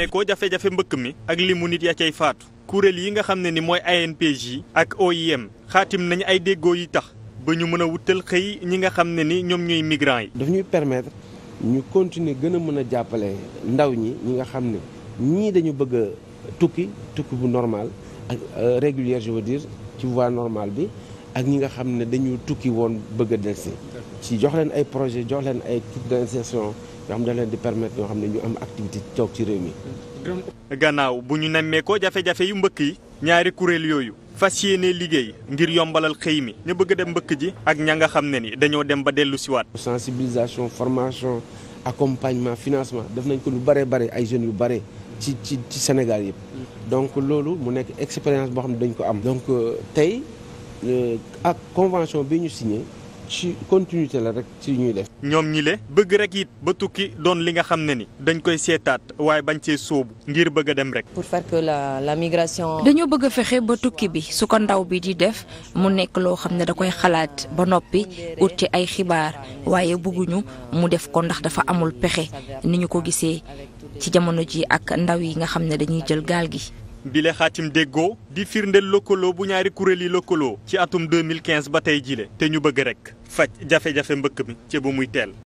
nemmeekoo jafe-jafe mbëkk mi ak limu nit ya cay faatu kuréel yi nga xam ne ni mooy ANPJ ak OIM xaatim nañu ay déggoo yi tax ba ñu mën a wutal xëy ñi nga xam ne ni ñoom ñuy migrants yi. daf ñuy permettre ñu continuer gën a mën a jàppale ndaw ñi ñi nga xam ne ñii dañu bëgg tukki tukki bu normal ak euh, régulière je veux ci voie normal bi ak ñi nga xam ne dañu tukki woon bëgg a si ci jox leen ay projet joxleen leen ay kit d'insertion yoo xam ne da leen di permettre ñoo xam ne ñu am activité toog ci réew mi. gannaaw bu ñu nemmeekoo jafe-jafe yu mbëkk yi ñaari kuréel yooyu fas yéene liggéey ngir yombalal xëy mi ñu bëgg a dem mbëkk ji ak ña nga xam ne ni dañoo dem ba dellu siwaat sensibilisation formation accompagnement financement def nañ ko lu bare bare ay jeunes yu bare ci ci ci Sénégal yëpp. donc loolu mu nekk expérience boo xam ne dañ ko am. donc euh, tey euh, ak convention bi ñu signé. ci la rek ci ñuy def. ñoom ñi le bëgg rek it ba tukki doon li nga xam ne ni dañ koy seetaat waaye bañ cee sóobu ngir bëgg a dem rek. pour faire la la migration. dañoo bëgg a fexe ba tukki bi su ko ndaw bi di def mu nekk loo xam ne da koy xalaat ba noppi ut ci ay xibaar waaye bëgguñu mu def ko ndax dafa amul pexe ni ñu ko gisee ci jamono ji ak ndaw yi nga xam ne dañuy jël gaal gi. bi le xaatim déggoo di firndeel lëkkaloo bu ñaari kuréel yi lëkkaloo ci atum 2015 ba tey jile te ñu bëgg rek faj jafe-jafe mbëkk mi ci ba muy teel